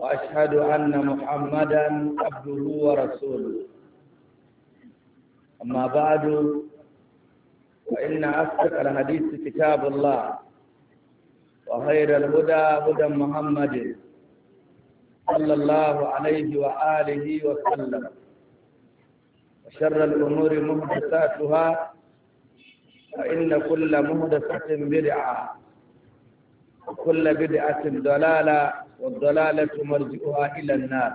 وأشهد أن محمدا عبده ورسوله أما بعد فإن أصدق الحديث كتاب الله وخير الهدى هدى محمد صلى الله عليه وآله وسلم وشر الأمور محدثاتها فإن كل محدثة بدعة وكل بدعة ضلالة والضلالة مرجعها إلى النار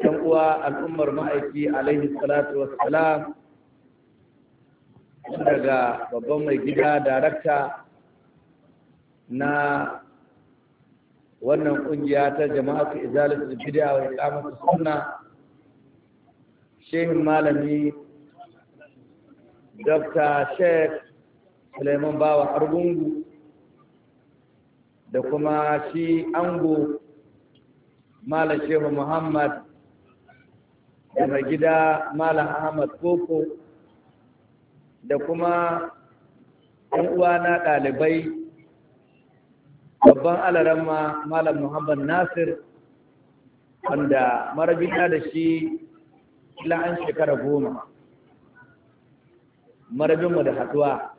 كم هو الأمر مأيكي عليه الصلاة والسلام daga babban mai gida darakta na wannan kungiya ta jama'atu izalatul bid'a wa iqamatu sunna shehin malami dr sheikh Suleiman Bawa Argungu da kuma shi ango malam shehu muhammad da mai gida malam ahmad koko da kuma ɗan uwana ɗalibai babban alaramma malam muhammad nasir wanda marabita da shi la'an an shekara goma marabinmu da haduwa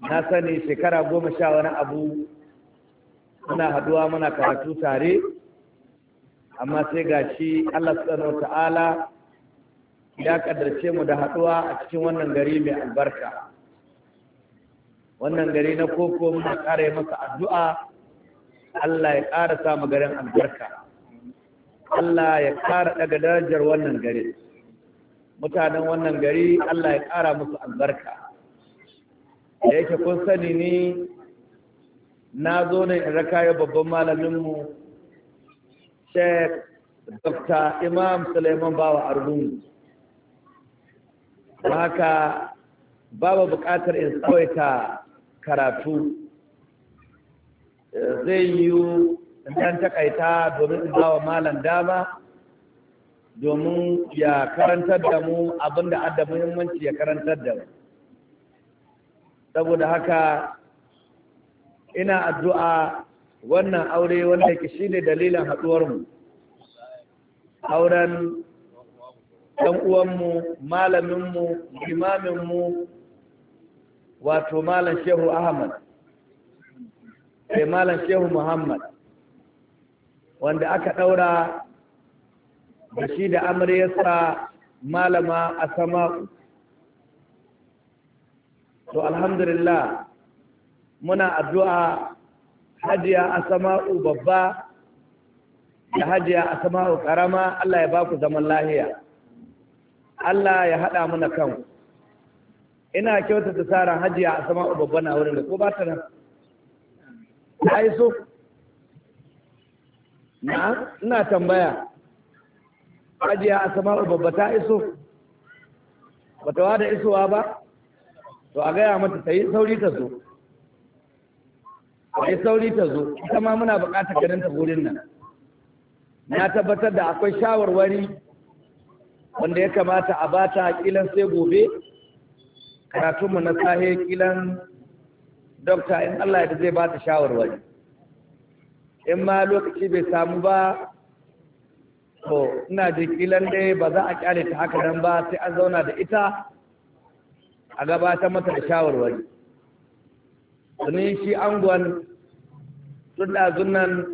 na sani shekara goma sha wani abu muna haduwa muna karatu tare amma sai ga shi Allah subhanahu ta'ala ya kaddarce mu da haduwa a cikin wannan gari mai albarka wannan gari na koko muna ƙara yi masa addu'a Allah ya ƙara sa mu garin albarka Allah ya ƙara daga darajar wannan gari mutanen wannan gari Allah ya ƙara musu albarka da yake kun sani ni na zo ne in raka ya babban malaminmu sheikh dr imam suleiman bawa argun haka babu bukatar in tsawaita karatu zai yiwu ɗan takaita domin in bawa malam dama domin ya karantar da mu abinda adda muhimmanci ya karantar da mu saboda haka ina addu'a wannan aure wanda ke shi ne dalilin haɗuwarmu auren ɗan uwanmu malaminmu mu wato malam shehu ahmad ke eh, malam shehu muhammad wanda aka ɗaura da shi da amaryarsa malama a sama'u to alhamdulillah muna addu'a hajiya asama'u babba da hajiya asama'u karama Allah ya baku zaman lahiya Allah ya haɗa muna kan ina kyautata tsarin hajiya asama'u babba na wurin da ko ba ta nan ta iso na ina tambaya Hajiya a sama'u babba ta iso ba ta wada isowa ba to a gaya mata ta yi sauri ta so ya sauri ta zo ita ma muna buƙatar ganin ta wurin nan na tabbatar da akwai shawarwari wanda ya kamata a bata kilan sai gobe karatunmu na sahe kilan dokta in Allah ya zai bata shawarwari in ma lokaci bai samu ba to ina da kilan dai ba za a kyale ta haka nan ba sai an zauna da ita a gabata mata da shawarwari domin shi angon tun ɗazun nan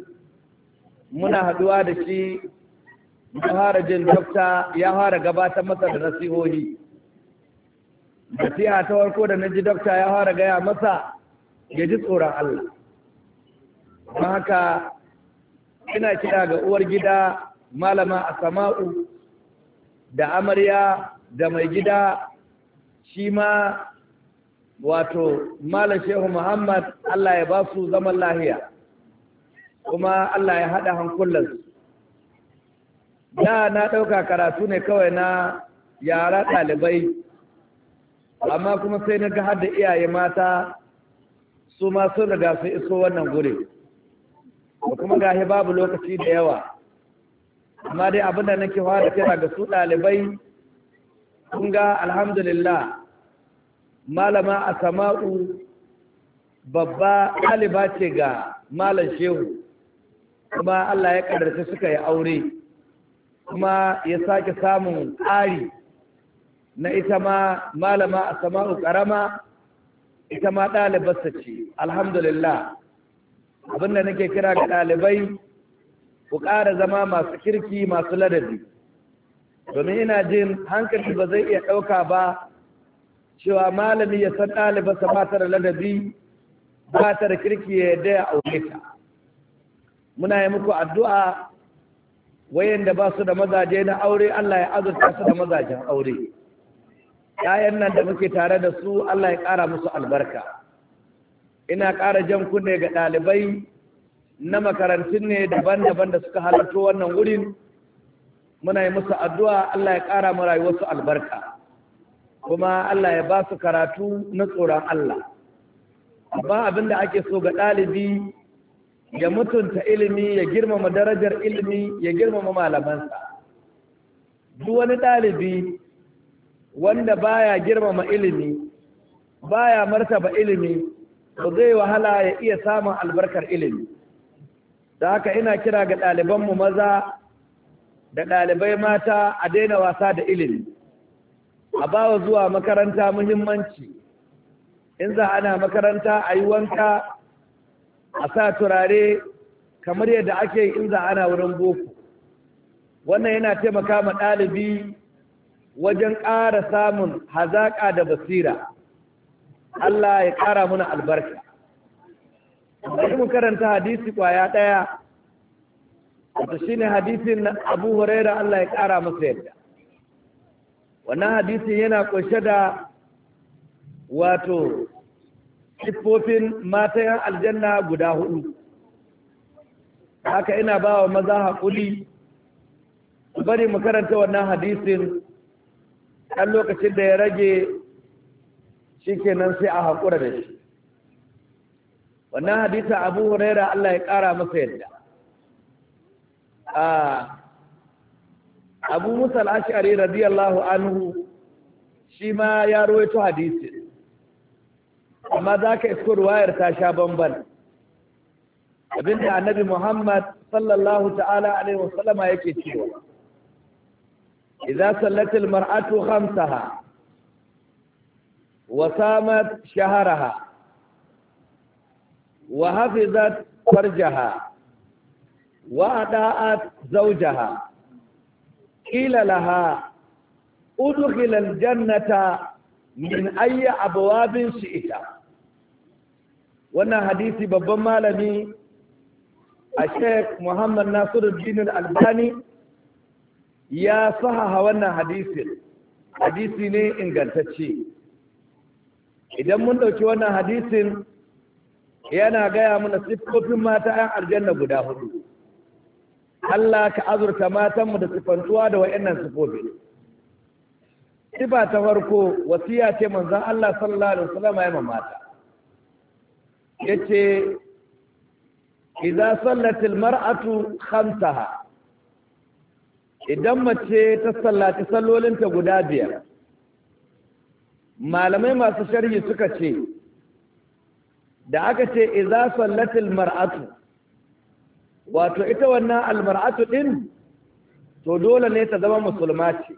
muna haɗuwa da shi ya fara jin dokta ya fara gabatar masa da nasihohi nasiha ta farko da na ji dokta ya fara gaya masa ya ji tsoron Allah don haka ina kira ga uwar gida malama asama'u da amarya da mai gida shi ma wato malam shehu muhammad Allah ya ba su zaman lahiya kuma Allah ya haɗa hankulansu da na ɗauka karatu ne kawai na yara ɗalibai amma kuma sai na ga hada iyaye mata su ma sun riga su iso wannan guri ba kuma gahi babu lokaci da yawa amma dai abin da nake fara kira ga su ɗalibai kun ga alhamdulillah malama a sama'u babba ɗaliba ce ga malam shehu kuma Allah ya ƙadarci suka yi aure kuma ya sake samun ƙari na ita ma malama a sama'u ƙarama ita ma ɗalibarsa ce alhamdulillah abinda nake kira ga ɗalibai ku ƙara zama masu kirki masu ladabi domin ina jin hankali ba zai iya ɗauka ba cewa malami ya san ɗalibarsa ba ta da ladabi ba ta da kirki ya yadda ya aure ta muna yi muku addu'a wayanda ba su da mazaje na aure Allah ya azurta su da mazajen aure ‘ya'yan nan da muke tare da su Allah ya ƙara musu albarka ina ƙara jan kunne ga ɗalibai na makarantun ne daban-daban da suka halarto wannan wurin muna yi musu addu'a Allah ya ƙara mu rayuwarsu albarka kuma Allah ya ba su karatu na tsoron Allah Ba abin da ake so ga ɗalibi ya mutunta ilimi ya girmama darajar ilimi ya girmama malamansa duk wani ɗalibi wanda baya girmama ilimi baya martaba ilimi to zai wahala ya iya samun albarkar ilimi da haka ina kira ga ɗalibanmu maza da ɗalibai mata a daina wasa da ilimi a bawa zuwa makaranta muhimmanci in za ana makaranta a yi wanka a sa turare kamar yadda ake in za ana wurin boko wannan yana taimaka ma ɗalibi wajen ƙara samun hazaƙa da basira Allah ya ƙara muna albarka bari mu karanta hadisi kwaya ɗaya wato shine hadisin na Abu Huraira Allah ya ƙara masa yadda wannan hadisin yana ƙunshe da wato siffofin matayan aljanna guda hudu haka ina ba wa maza haƙuri bari mu karanta wannan hadisin ɗan lokacin da ya rage shi nan sai a haƙura da shi wannan hadisa abu huraira allah ya ƙara masa yadda ah, abu musa al'ashari radiyallahu anhu shi ma ya ruwaito hadisin أما ذاك إسكور واير تاشا بمبل ابن النبي محمد صلى الله تعالى عليه وسلم هيك يشيو إذا صلت المرأة خمسها وصامت شهرها وحفظت فرجها وأداءت زوجها قيل لها أدخل الجنة من أي أبواب شئت wannan hadisi babban malami a sheikh muhammad nasiruddin albani ya sahaha wannan hadisin hadisi ne ingantacce idan mun ɗauki wannan hadisin yana gaya mana siffofin mata 'yan aljanna guda hudu Allah ka azurta matanmu da siffantuwa da wa'annan siffofi sifa ta farko wasiya ce manzon Allah sallallahu alaihi wasallam ya mata yace idan mar'atu almar'atu khamsaha idan mace ta sallaci sallolinta guda biyar malamai masu sharhi suka ce da aka ce iza sallat mar'atu. wato ita wannan almar'atu din to dole ne ta zama musulma ce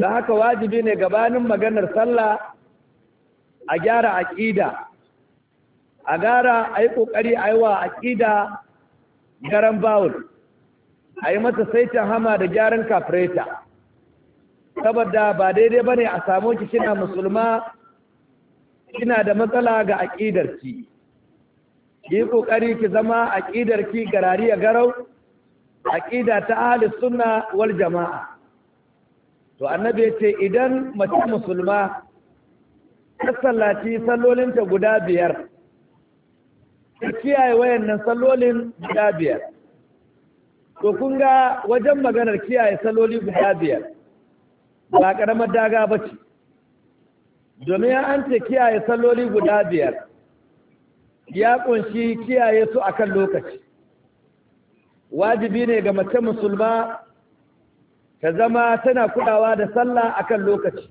da haka wajibi ne gabanin maganar sallah a gyara aƙida a gara a yi ƙoƙari a yi wa aƙida garan bawul a yi mata saitin hama da gyaran kafureta, saboda ba daidai ba ne a samu ki kina musulma kina da matsala ga aƙidarki ki yi ƙoƙari ki zama aƙidarki garari ya garau aƙida ta ahalis suna wal jama'a to annabi ce idan mace musulma ta sallaci sallolinta guda biyar da kiyaye wayannan sallolin guda biyar to kun ga wajen maganar kiyaye salloli guda biyar ba ƙaramar daga ba ce domin an ce kiyaye saloli guda biyar ya ƙunshi kiyaye su akan lokaci wajibi ne ga mace musulma ta zama tana kudawa da sallah akan lokaci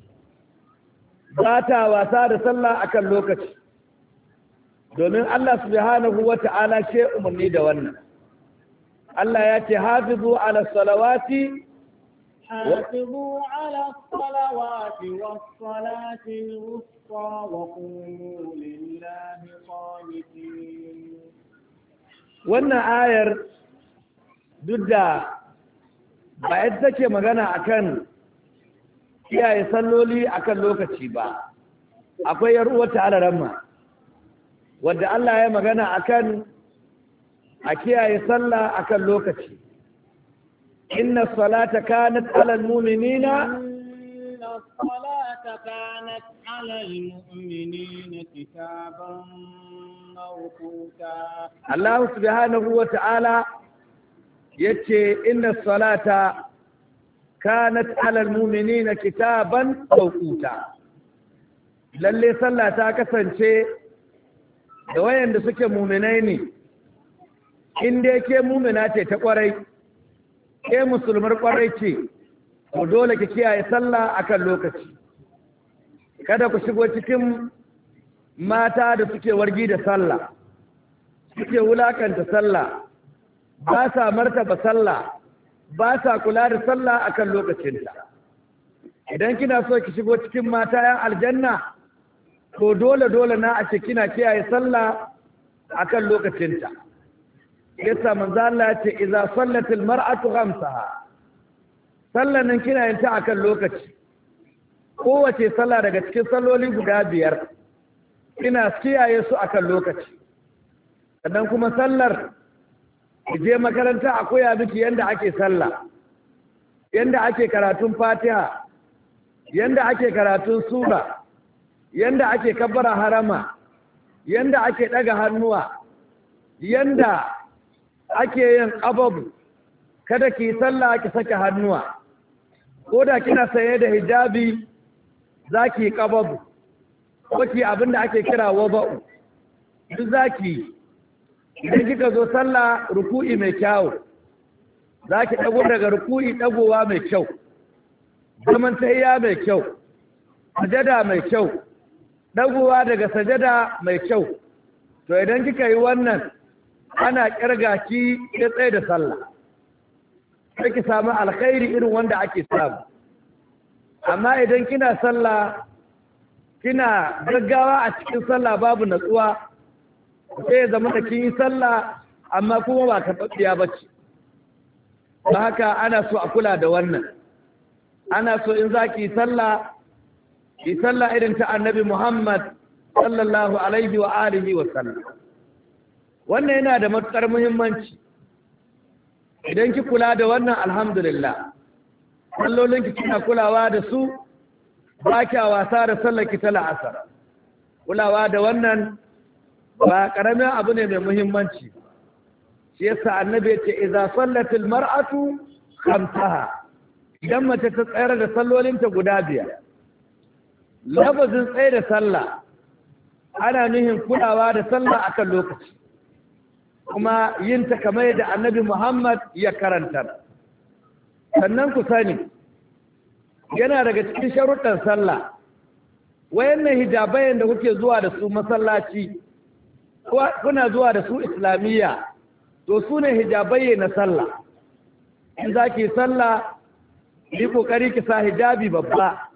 ba ta wasa da sallah akan lokaci domin Allah subhanahu wa ta'ala ce umarni da wannan Allah ya ce hafizu ala salawati wannan ayar duk da ba yadda take magana akan kiyaye salloli akan lokaci ba akwai yar uwa ta wadda Allah ya magana akan a kiyaye sallah akan lokaci inna salata kanat alal mu'minina الصلاة كانت على المؤمنين كتابا موقوتا الله سبحانه وتعالى يتي إن lalle sallah ta kasance da wayanda suke muminai ne in dai ke mumina ce ta kwarai ke musulmar kwarai ce to dole ki kiyaye sallah akan lokaci kada ku shigo cikin mata da suke wargi da sallah suke wulakanta sallah ba sa martaba sallah ba sa kula da sallah akan lokacinta idan kina so ki shigo cikin mata yan aljanna to dole dole na a kina kiyaye sallah akan lokacinta yasa manzo Allah ya ce idza sallatil mar'atu khamsaha sallan nan kina yin ta akan lokaci kowace sallah daga cikin salloli guda biyar kina kiyaye su akan lokaci sannan kuma sallar je makaranta a koya miki yanda ake sallah yanda ake karatun fatiha yanda ake karatun sura yanda ake kabbara harama yanda ake ɗaga hannuwa yanda ake yin ababu kada ki sallah ki saka hannuwa ko da kina saye da hijabi za ki ƙababu ko ki abin da ake kira waba'u duk za ki idan kika zo sallah ruku'i mai kyau, za ki ɗago daga ruku'i ɗagowa mai kyau zaman tahiya mai kyau sajada mai kyau ɗaguwa daga sajada mai kyau to idan kika yi wannan ana ƙirga ki ya tsaye da sallah sai ki samu alkhairi irin wanda ake samu amma idan kina sallah kina gaggawa a cikin sallah babu natsuwa sai ya zama da kin yi sallah amma kuma ba karɓaɓɓiya ba ce ba haka ana so a kula da wannan ana so in za ki yi sallah yi sallah irin ta annabi Muhammad sallallahu alaihi wa alihi wa sallam wannan yana da matsar muhimmanci idan ki kula da wannan alhamdulillah sallolin ki kina kulawa da su ba kya wasa da sallar ki ta la'asar kulawa da wannan ba karamin abu ne mai muhimmanci shi yasa annabi ce idza sallatil mar'atu khamsaha idan mace ta tsayar da sallolinta guda biyar lafazin tsaye da sallah ana nuhin kulawa da sallah akan lokaci kuma yin ta kamar yadda annabi Muhammad ya karanta sannan ku sani yana daga cikin sharuɗan sallah wayannan hijabayen da kuke zuwa da su masallaci kuna zuwa da su islamiyya to su ne hijabaye na sallah in za ki sallah yi ƙoƙari ki sa hijabi babba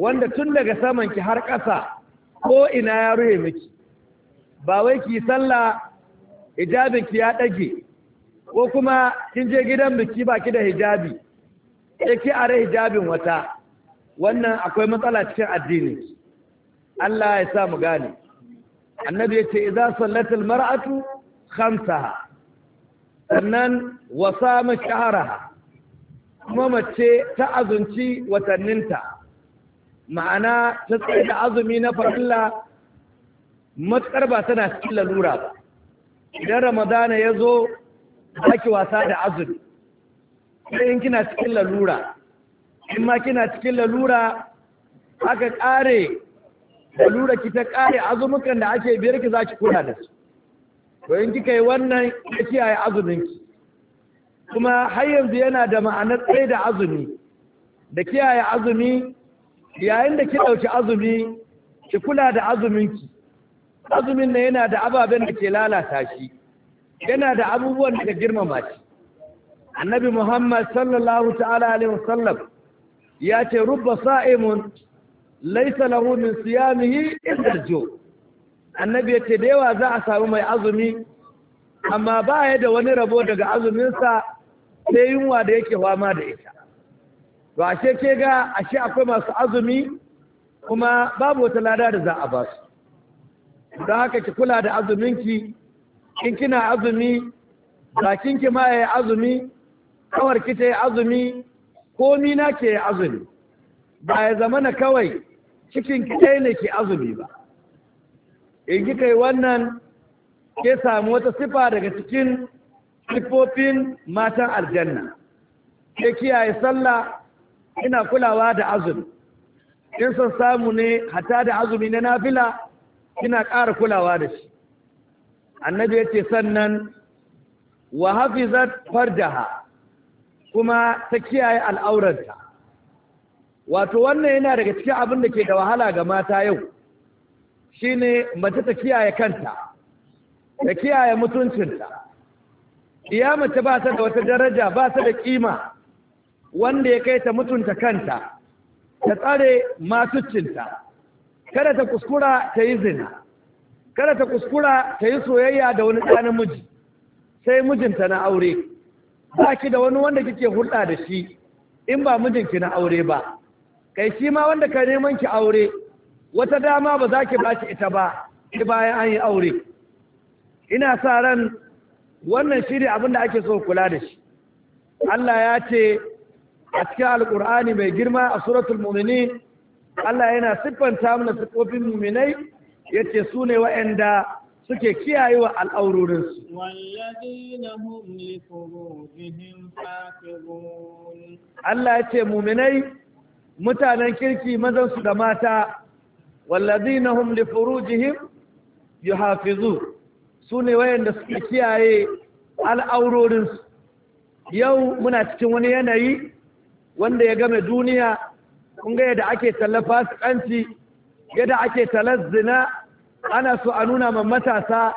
wanda tun daga saman ki har ƙasa ko ina ya ruhe miki ba wai ki sallah hijabin ki ya ɗage ko kuma kin je gidan biki baki da hijabi sai ki are hijabin wata wannan akwai matsala cikin addini Allah ya sa mu gane annabi ya ce idza sallatil mar'atu khamsaha sannan wasa mashaharaha kuma mace ta azunci watanninta ma'ana ta tsaye da azumi na farilla Matsar ba tana cikin lalura ba idan ramadana ya zo za ki wasa da azumi sai in kina cikin lalura in ma kina cikin lalura aka ƙare lalura ki ta ƙare azumukan da ake biyar ki za ki kula da su to in kika yi wannan ya kiyaye azuminki kuma har yanzu yana da ma'anar tsaye da azumi da kiyaye azumi yayin da ki ɗauki azumi ki kula da azuminki azumin na yana da ababen da ke lalata shi yana da abubuwan da girmama shi annabi muhammad sallallahu ta'ala alaihi wasallam ya ce rubba sa'imun laisa lahu min siyamihi illa jo annabi ya ce da yawa za a samu mai azumi amma ba ya da wani rabo daga azuminsa sai yunwa da yake fama da ita to ashe ke ga ashe akwai masu azumi kuma babu wata lada da za a ba su don haka ki kula da azuminki in kina azumi bakinki ma ya azumi kawar ki ta yi azumi komi na ke azumi ba ya zama na kawai cikin ki ne ke azumi ba in kika yi wannan ke samu wata sifa daga cikin sifofin matan aljanna ke kiyaye sallah ina kulawa da azumi in son samu ne hata da azumi na nafila ina ƙara kulawa da shi annabi ya ce sannan wa hafizat fardaha kuma ta kiyaye al'auranta wato wannan yana daga cikin abin da ke da wahala ga mata yau shine mace ta kiyaye kanta ta kiyaye mutuncinta iya mace ba ta da wata daraja ba ta da kima wanda ya kai ta mutunta kanta ta tsare matucinta, kada ta kuskura ta yi zina kada ta kuskura ta yi soyayya da wani ɗa miji, sai mijinta na aure ba ki da wani wanda kike hulɗa da shi in ba mijinki na aure ba kai shi ma wanda ka neman ki aure wata dama ba za ki ba ki ita ba ki bayan an yi aure ina sa ran wannan shi ne abin da ake so kula da shi Allah ya ce a cikin alkur'ani mai girma a suratul mumini Allah yana siffanta mana siffofin muminai yace su ne wa'anda suke kiyaye wa al'aurorinsu Allah ya ce muminai mutanen kirki mazan su da mata walladina hum li furujihim yuhafizu su ne wayanda suke kiyaye al'aurorinsu yau muna cikin wani yanayi wanda ya game duniya kun ga yadda ake talla fasikanci yadda ake talar zina ana so a nuna ma matasa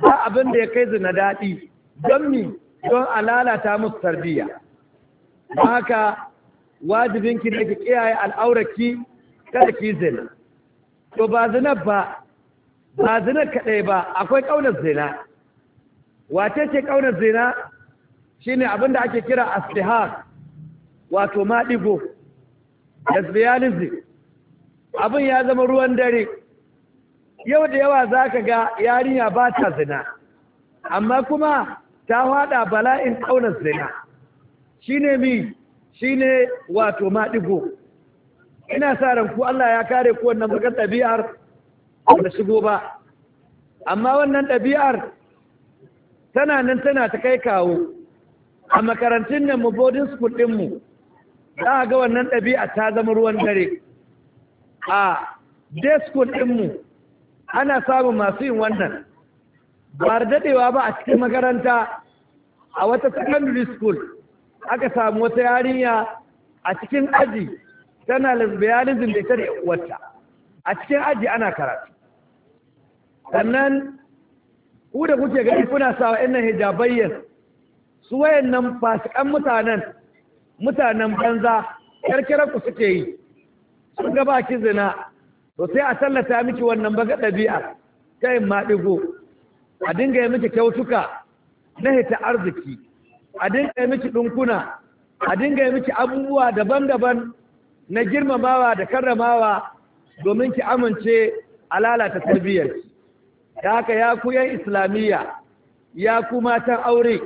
ba abin da ya kai zina daɗi don mi don a lalata musu tarbiyya haka wajibinki da ki kiyaye al'auraki, kada ki zina to ba zina ba ba zina kaɗai ba akwai ƙaunar zina wace ce ƙaunar zina shine abin da ake kira astihar wato maɗigo lesbianism abin ya zama ruwan dare yau da yawa za ka ga yarinya ba ta zina amma kuma ta haɗa bala'in ƙaunar zina shi ne mi shi ne wato maɗigo ina sa ranku Allah ya kare ku wannan bakar ɗabi'ar da shigo ba amma wannan ɗabi'ar tana nan tana ta kai kawo a makarantun nan mu boarding school dinmu za a ga wannan ɗabi'a ta zama ruwan dare a deskun ɗinmu ana samun masu yin wannan ba da daɗewa ba a cikin makaranta a wata secondary school aka samu wata yarinya a cikin aji tana lesbianism da ita da a cikin aji ana karatu sannan ku da kuke gani kuna sawa hija hijabayyar su wayannan fasikan mutanen mutanen banza karkirar ku suke yi sun ga ki zina to sai a sallata miki wannan baga ɗabi'a ta yin maɗigo a dinga yi miki kyautuka na hita arziki a dinga yi miki ɗunkuna. a dinga yi miki abubuwa daban-daban na girmamawa da karramawa domin ki amince a lalata tarbiyyarki da haka ya ku yan islamiyya ya ku matan aure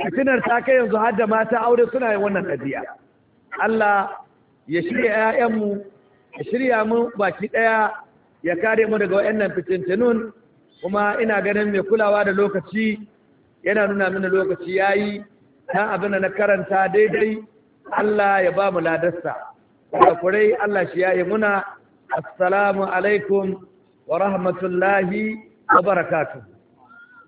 fitinar ta kai yanzu har da mata aure suna yin wannan ɗabi'a Allah ya shirya ‘ya'yanmu ya shirya mu baki ɗaya ya kare mu daga wa'annan fitintunun kuma ina ganin mai kulawa da lokaci yana nuna mini lokaci ya yi ta abin da na karanta daidai Allah ya ba mu ladarsa kurai Allah shi ya muna assalamu alaikum wa rahmatullahi wa barakatuh